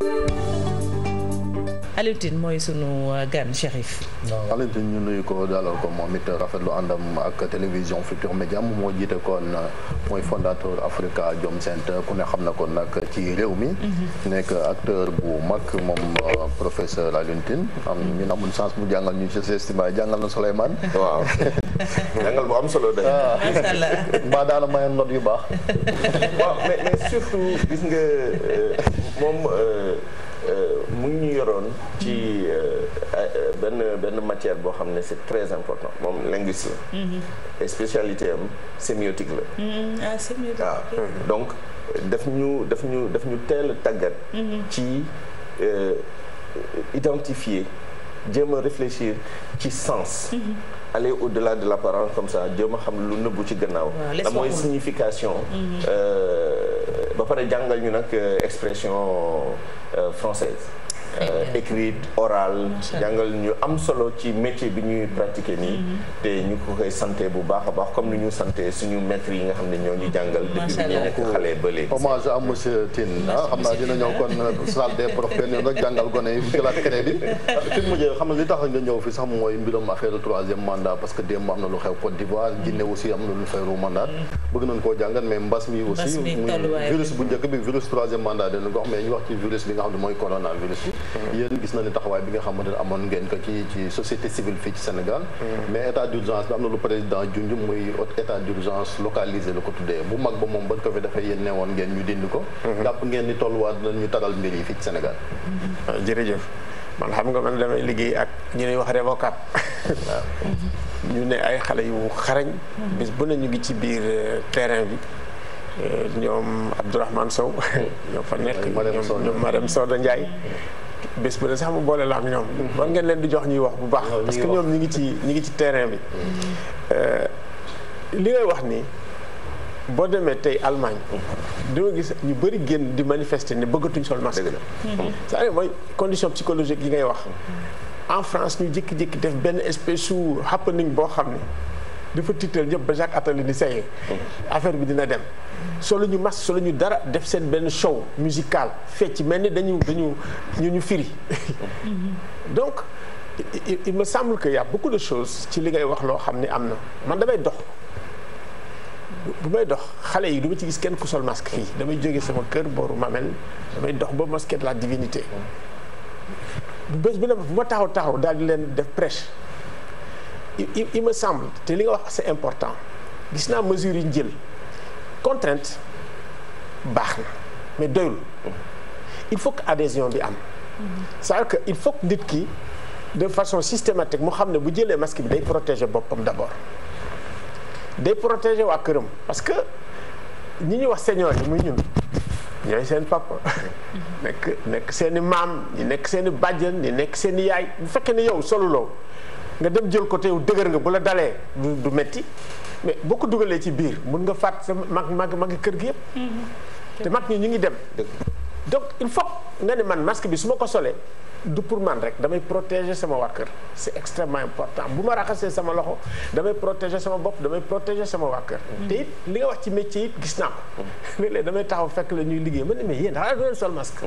Thank you. Alioune Tine mooy sunu euh, gan Chérif. waaw Alioune ñu nuyu ko dalal ko moom it rafetlu àndam ak télévision Futurs Médias moom moo jiite kon euh, mooy fondateur Africa Jom Center ku ne xam na ko nag ci réew mi. Mhm. nekk acteur bu mag moom euh, professeur Alioune Tine am mhm. ñun amul chance mu jàngal ñu ci sestima jàngal na Souleymane. waaw jàngal bu am solo de. Ah. macha daana mayoon note yu baax. waaw mais surtout gis nga moom. Euh, mu qui ñu une euh, euh, matière boo c'est très important moom linguiste la mhm. spécialité am sémiotique mhm. ah, ah. donc nous ñu daf ñu daf ñu teel mhm. identifier réfléchir qui sens aller au-delà de l'apparence comme ça jéem me xam lu nëbbu ci gannaaw la signification euh, ba pare jàngal ñu une euh, expression euh, française Euh, écrite orale jàngal ñu am solo ci métier bi ñuy pratiquer nii mm-hmm. te ñu ko koy santé bu baax a baax comme ni ñu santé suñu maître yi nga xam ne ñoo jàngal depuis bi ñu nekk ah, euh, jàngal gone yi jëlaat crédit fi mujjee xam ne li tax nga ñëw fi sax mooy mbiram affaire troisième mandat parce que démb am na lu xew Côte d'Ivoire Guinée aussi am na lu xew mandat mm-hmm. bëgg nañ koo jàngal mais mbas mi aussi muy virus bu njëkk bi virus troisième mandat dañu ko wax mais ñu wax ci virus bi yéen gis na ni taxawaay bi nga xam xamante ne amoon ngeen ko ci ci société civile fii ci Sénégal mm. mais état d'urgence bi am na lu président junj muy état d'urgence localisé la ko tuddee bu mag ba moom bañ ko fi defee yéen ne woon ngeen ñu dindi ko mm-hmm. jàpp ngeen ni tolluwaat nañ ñu taral mbir yi fii ci Sénégal mm-hmm. jërëjëf man xam nga man damay liggéey ak ñu ñuy wax révocat ñu ne ay xale yu xarañ mm-hmm. bis bu ne ñu ngi ci biir euh, terrain bi euh, ñoom Abdourahmane Sow ñoo fa nekk ñoom ma Soda Ndiaye bés bu ne sax mu boole la ak ñoom. war ngeen leen di jox ñuy wax bu baax. parce que ñoom ñi ngi ci ñi ngi ci terrain bi. Euh, li ngay wax ni boo demee tey Allemagne. dama gis ñu bëri génn di manifester ne bëggatuñ sol masque. c'est-à-dire mooy condition psychologique yi ngay wax. en France ñu jékki-jékki def benn espèce su happening boo xam ne. dafa titel ñëpp ba Jacques Attali ni sayee mm. affaire bi dina dem solo ñu mas solo ñu dara def sen ben show musical fecc mel ni dañu dañu ñu ñu firi mm-hmm. donc il, me semble que y a beaucoup de choses ci li ngay wax lo xamni amna man damay dox bu may dox xalé yi duma ci gis kenn ku sol masque fi damay jóge sama cœur boru Mamel damay dox ba masque de la divinité bu mm. bés bi la ma taxaw taxaw dal di len def prêche il me semble que c'est important gis y mesure une contrainte mais il faut que adhésion c'est-à-dire que il faut que nit de façon systématique mu les ne bu protéger d'abord protéger les parce que ñi sommes wax nous yi muy ñun. sommes les papa Nous sommes yaay bu nga dem jël côté wu deuguer nga bu la dalee du metti mais boo ko ci biir mën nga fat sa mag mag mag kër gi yépp mhm. té mag ñi ñi ngi dem donc il faut nga né man masque bi suma ko solé du pour man rek damay protéger sama war kër c'est extrêmement important buma ma sama loxo damay protéger sama bop damay protéger sama war kër mhm. té it li nga wax ci métier it gis na ko mais mhm. lé damay taxaw fekk la ñuy liggéey ma mais yeen da du leen sol masque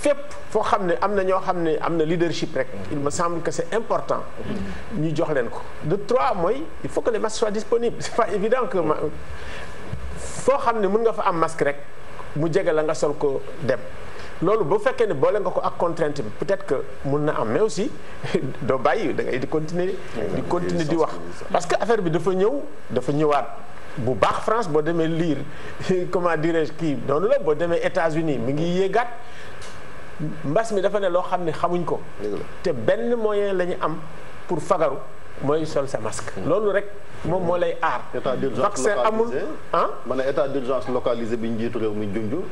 fépp foo xamné amna ño xamné amna leadership rek il me semble que c'est important ñu jox len ko de trois moy il faut que les masques soient disponibles c'est pas évident que foo xam ne mën nga fa am masque rek mu djégal nga sol ko dem lolu bu fekkee ne boole nga ko ak contrainte peut-être que mën na am mais aussi do bayyi da ngay di continuer di continuer di wax parce que affaire bi dafa ñëw dafa ñewat bu baax France bo démé lire comment dirais-je kii noonu la boo demee États-Unis mi ngi yégat mbass mi dafa ne lo xam xamuñ ko. té benn moyen lañu am pour fagaru moy sol sa masque. Mm. loolu rek mom moo lay aar. état d'urgence localisé amul ah. ma état d'urgence localisé biñu njiitu rew mi jundju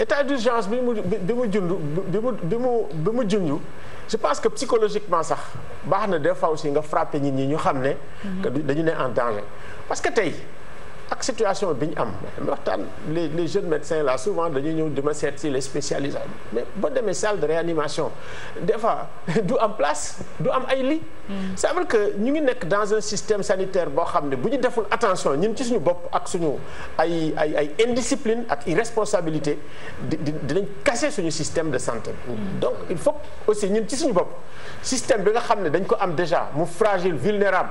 état d'urgence bi mu bi mu junj bi mu bi mu jundju mu junj je pense que psychologiquement sax baxna na des fois aussi nga frapper nit ñi ñu xamné mm-hmm. que dañu né en danger parce que tay situation les jeunes médecins là souvent de nous de ma les spécialistes mais de mes salles de réanimation des fois du en place du am ay c'est mm. ça veut que nous sommes dans un système sanitaire nous xam faire attention nous ci suñu nous ak suñu ay indiscipline irresponsabilité de casser ce système de santé. Mm. donc il faut aussi nous ci suñu système de nga xam dañ déjà mu fragile vulnérable.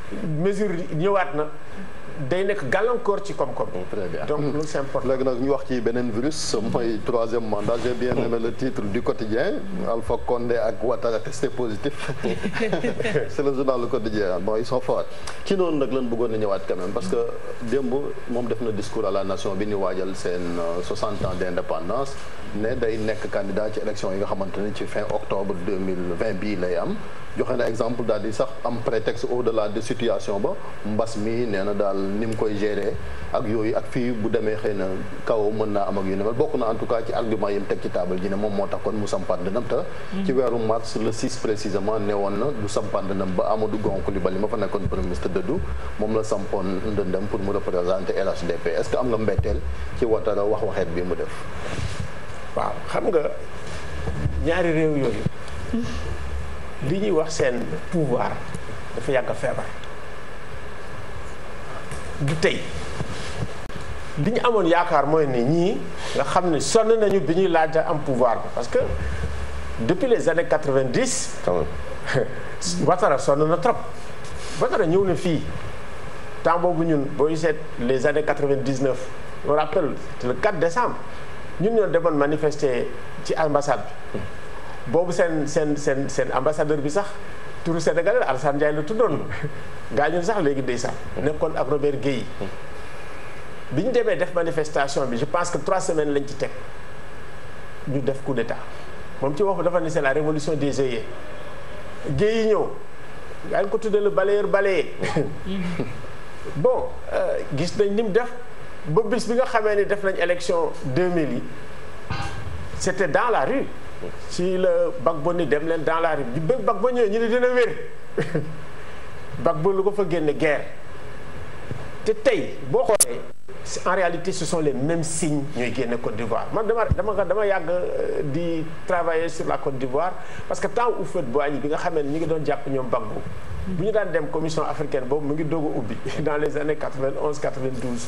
mesure ñëwaat na day nekk gàllankoor ci koom oh, très bien donc c'est important. léegi nag ñu wax ci benen virus troisième mandat j'ai bien aimé le titre du quotidien Alpha Condé ak Ouattara testé positif c'est le journal le quotidien bon ils sont forts ci noonu nag lan bëggoon ñëwaat quand même parce que démb mom def na discours à la nation bi ni waajal sen 60 euh, ans d'indépendance né day nekk candidat ci élection yi nga ci fin octobre 2020 bi lay am. joxe na exemple daal di sax am prétexte au la de situation ba mbas mi nee na daal ni mu koy gérer ak yooyu ak fii bu demee xëy na kaw mën naa am ak yu ne bokk na en tout cas ci argument yi mu teg ci table ji ne moom moo tax kon mu sampan dënam te ci weeru mars le 6 précisément ne woon na du sampan dënam ba Amadou Gon Coulibaly ma fa nekkoon premier ministre dëddu moom la sampoon ndëndam pour mu représenter LHDP est-ce que am nga mbetteel ci Ouattara li ñuy wax pouvoir dafa yàgg du tey li ñu amoon yaakaar mooy ne nga xam ne nañu pouvoir parce que depuis les années 90 watara sonn na trop watara ñëw na fii temps ñun les années 99 on rappelle le 4 décembre nous avons manifesté manifester ci bobu sen sen tout sen ambassadeur bi sax tout Alassane je pense que trois semaines lañ ci coup d'état ci waxu dafa c'est la révolution des œillets le bon euh, gis nañ def élection 2000 c'était dans la rue si le bac ni dem len dans la rue bi Gbagbo ñëw ñi ne dina bac Gbagbo lu ko fa guerre té en réalité ce sont les mêmes signes que génne Côte d'Ivoire man dama dama dama yag euh, di travailler sur la Côte d'Ivoire parce que tant Houphouët-Boigny bi nga xamee ñi ñu ngi doon jàpp ñoom bu ñu daan dem commission africaine boobu mu ngi dogu dans les années 91 92.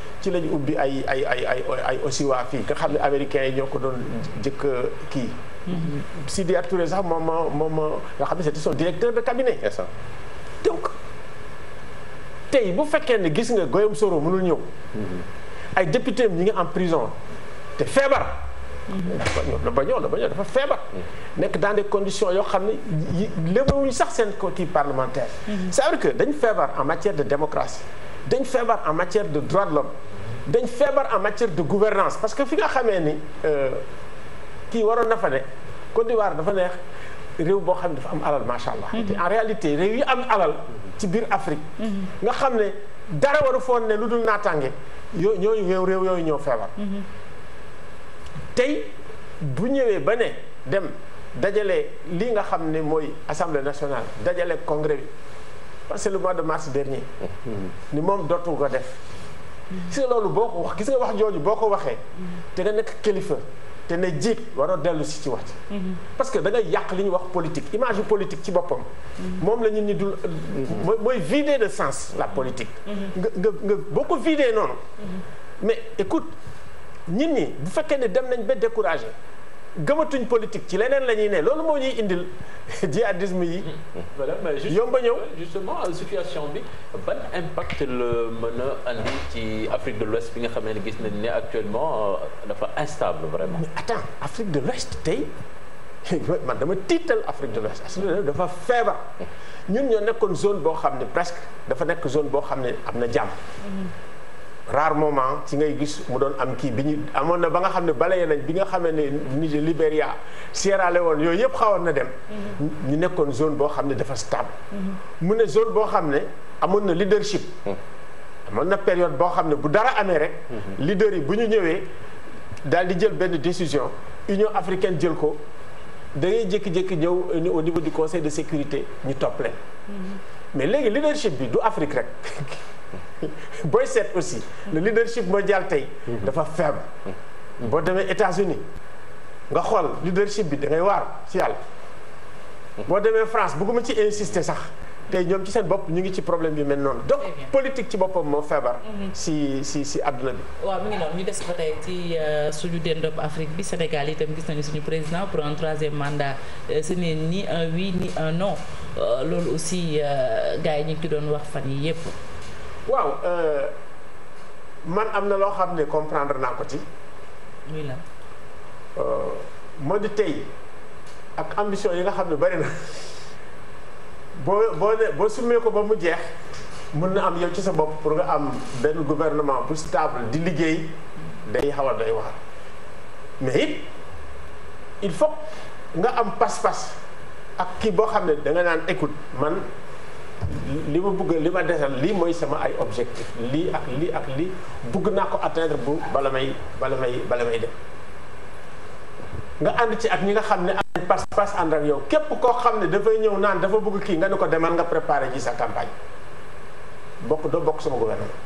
ci lañ ubbi ay ay ay c'était son directeur de cabinet. donc il bu gis nga Soro mënul mm-hmm. en prison mm-hmm. mm-hmm. dans des conditions il y côté parlementaire. c'est vrai que dañ faible en matière de démocratie dañ en matière de droits de l'homme dañ en matière de gouvernance parce que fi nga ni des euh, na fa né Côte d'Ivoire dafa neex dafa am alal mhm. en réalité réew yi am alal ci biir Afrique. Mhm. nga xamné dara waru fonné ñoy mhm. bu ñewé dem dajalé li nga assemblée nationale dajalé congrès c'est le mois de mars dernier ni mom d'autres ko def C'est lolu boko wax gis nga wax boko Té parce que da politique image politique ci bopam. Mom la ñun de sens la politique beaucoup nga mais écoute nous, bu découragé gamatuñ politique ci leneen lañuy né ne loolu moo ñuy indil jihadisme yi. madame yomba justement, justement situation bi ban impact le mën andi ci Afrique de l'Ouest bi nga xamee ne gis nañ né actuellement euh, dafa instable vraiment. mais attends Afrique de l'Ouest tey man dama titel Afrique de l'Ouest dafa feebar mm. ñun ñoo nekkoon zone bo xamné presque dafa nekk zone bo xamné amna am rare moment ci ngay gis mu doon am kii bi ñu na ba nga xam ne nañ bi nga Niger Libéria Sierra Leone yoy yëpp xawoon na dem ñu nekkoon zone bo xam dafa stable mu ne zone bo xam amon na leadership amon na période bo xam bu dara amé rek leader yi bu ñu ñëwee di jël benn décision Union africaine jël ko da ngay jékki-jékki ñëw au niveau du conseil de sécurité ñu top mm-hmm. mais légui leadership bi du Afrique rek aussi le leadership mondial tey dafa faible boo demee États-Unis nga leadership bi da ngay France ci insister problème politique ci mhm. si si si bi le président ngi euh, Sénégal itam président pour un troisième mandat euh, ce n'est ni un oui ni un non euh, loolu aussi gagné que avons noir ci fan waaw euh, man am na loo xam ne comprendre naa ko ci. muy la. Euh, tey ak ambition yi nga xam ne bari na boo boo ne boo summee ko ba mu jeex mën na am yow ci sa bopp pour nga am benn gouvernement bu stable di liggéey day xaw a doy waar mais il faut nga am pas-pas ak kii boo xam ne da nga naan écoute man. li ma bëgg li ma desal lii mooy sama ay objectif lii ak lii ak lii bëgg naa ko atteindre bu bala may bala may bala may def nga ànd ci ak ñi nga xam ne am pass pass ànd ak yow képp koo xam ne dafay ñëw naan dafa bëgg kii nga ne ko demal nga préparé ji sa campagne bokk doo bokk sama gouvernement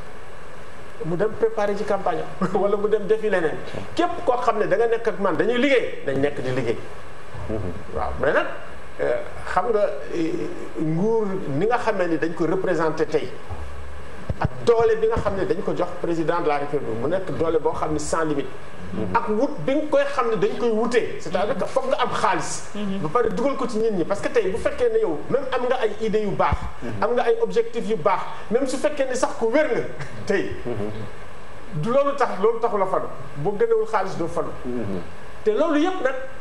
mu dem préparé ci campagne wala mu dem defi leneen képp koo xam ne da nga nekk man dañuy liggéey dañ nekk di liggéey mm-hmm. waaw mais nag euh, xam nga eh, nguur ni nga xamee ni dañ ko représenté tey ak doole bi nga xam ne dañ ko jox président de la république mu nekk doole boo xam ne sans limite. ak wut bi nga koy xam ne dañ koy wutee c'est-à-dire que foog nga am xaalis mhm. ba pare dugal ko ci nit ñi parce que tey bu fekkee ne yow même am nga ay idées yu baax mhm. am nga ay objectifs yu baax même su fekkee ne sax ko wér nga tey mhm. du loolu tax loolu taxu la fanu bu gënewul xaalis doo fanu te loolu yëpp nag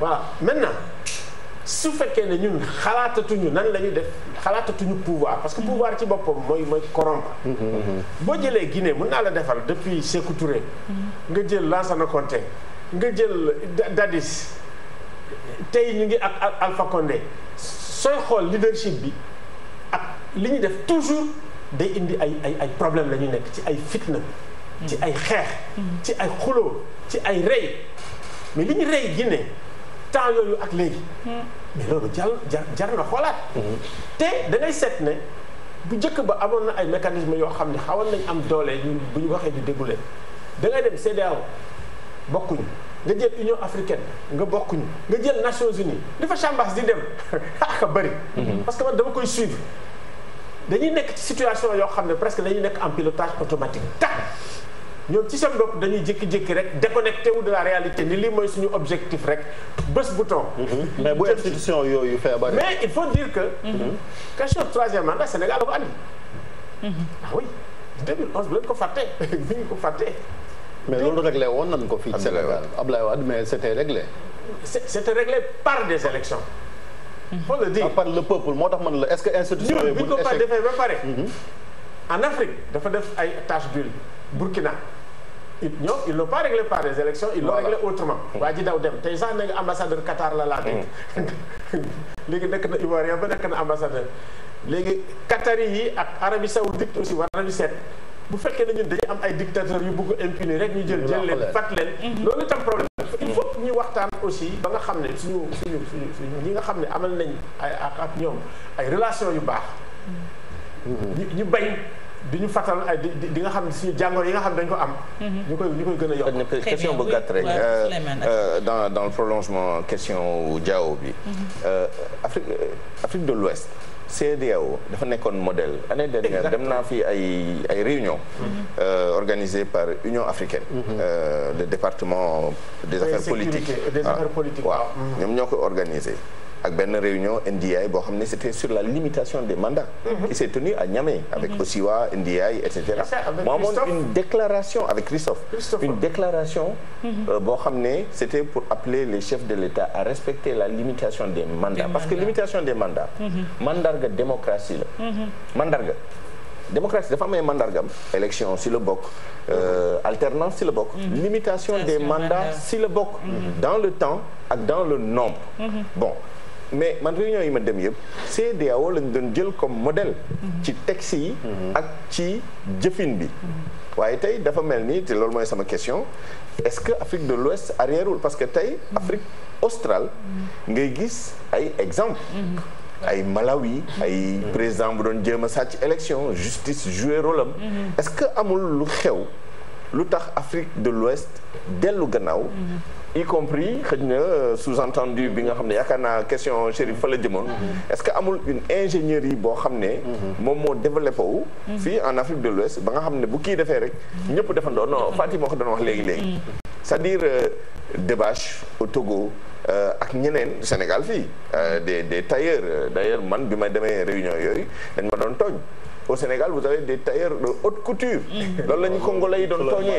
waaw maintenant su fekkee ne ñun xalaatatuñu nan la def xalaatatuñu pouvoir parce que pouvoir ci boppam mooy mooy corrompre. Mm-hmm. boo jëlee Guinée mën naa la defal depuis Sékou mm-hmm. nga jël Lansana Conté nga jël Dadis tey ñu ngi ak Alpha Condé sooy xool leadership bi ak li ñuy def toujours day indi ay ay problème la ñuy nekk ci ay fitna. ci mm-hmm. ay xeex. ci ay xuloo ci ay rey. mais li ñu rey Guinée temps yooyu ak léegi. Hmm. mais loolu jar jar na xoolaat. Hmm. te da seet ne bu jëkk ba amoon na ay mécanisme yoo xam ne xawoon nañ am doole ñu bu ñu waxee ñu déglu leen dem ngay dem CEDEAO bokkuñu. nga jël Union africaine nga bokkuñu nga jël Nations uni dafa Chambas di dem ak a bëri. Hmm. parce que man dama koy suivre dañuy nekk ci situation yoo xam ne presque dañuy nekk en pilotage automatique ta nous sommes de la réalité nous sommes objectif mm-hmm. mais mais il faut dire que. au mm-hmm. troisième mandat Sénégal mm-hmm. ah oui 2011 vous mais réglé c'était réglé. c'était réglé par des élections. faut le dire ah, par le peuple est-ce que l'institution en Afrique dafa faire des tâches d'huile Burkina. Ils ne n'ont pas réglé par les élections ils l'ont réglé autrement hmm. ambassadeur Qatar la hmm. Il n'y na ambassadeur les Qatari Arabie Saoudite aussi war faites seet bu fekkee ne dictateurs yu bëgg impuni hmm. il faut que nous aussi ba nga xam di ñu ay di nga xamni ne yi nga xam ne ko am. Mhm. ñu koy ñu koy gën question bu gàtt rek euh, euh, dans dans le prolongement question wu Diao bi. Mhm. Euh, Afrique Afrique de l'Ouest CEDEAO dafa nekkoon modèle année dernière dem naa fi ay ay réunion mhm. organisée par Union africaine le département des ah, affaires politiques des affaires politiques ñom ñoom organiser une réunion NDI c'était sur la limitation des mandats qui mhm. s'est tenue à Niamey avec mhm. Osiwa NDI etc. cetera une déclaration avec Christophe une déclaration mhm. euh, c'était pour appeler les chefs de l'État à respecter la limitation des mandats parce que limitation des mandats mandarga démocratie mandarga démocratie des femmes mandargam élection si le euh, alternance si le bok limitation des mandats si le bok dans le temps et dans le nombre bon mais man réunion yi ma dem yeb cdao lañ doon jël comme modèle ci Taxi, ak ci jëfin bi waye tay dafa melni té te moy sama question est-ce que Afrique de l'Ouest arrièreul parce que tay Afrique australe ngay gis ay exemple ay Malawi ay président bu doon jéem a élection justice jouer rôle am est-ce que amul lu xew lutax Afrique de l'Ouest delu gannaaw y compris xëy euh, sous-entendu bi nga xam ne question Chérif fa la mm-hmm. est-ce que amul une ingénierie bo xamné ne mm-hmm. moom développé wu mm-hmm. en Afrique de l'Ouest ba nga xamné bu ki défé rek ñëpp defandoo non Fatima moo ko doon wax légui légui cest c'est-à-dire euh, Debache au Togo euh, ak ñeneen Sénégal fi des des tailleurs d'ailleurs man bi ma demee réunion yoy dañ ma don togn au Sénégal vous avez des tailleurs de haute couture loolu la ñu Congolais don togné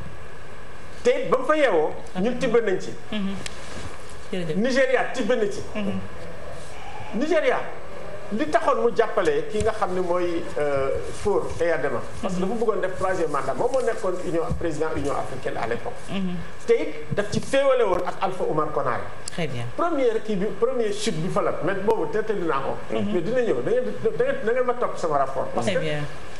te it fa yeewoo ñun tibé nañ ci Nigéria tibé nañ ci Nigéria li taxone mu jappalé ki nga xam ne mooy euh, Faure Eyadema parce que dafa bëggone def troisième mandat moom mo nekkoon union président union africaine à l'époque te it daf ci féewale won ak Alpha Oumar Konaré très bien premier kii bi premier chute bi fa la mais bobu tété dina ko mhm. mais dina ñëw da ngeen da ngeen ma top sama rapport parce que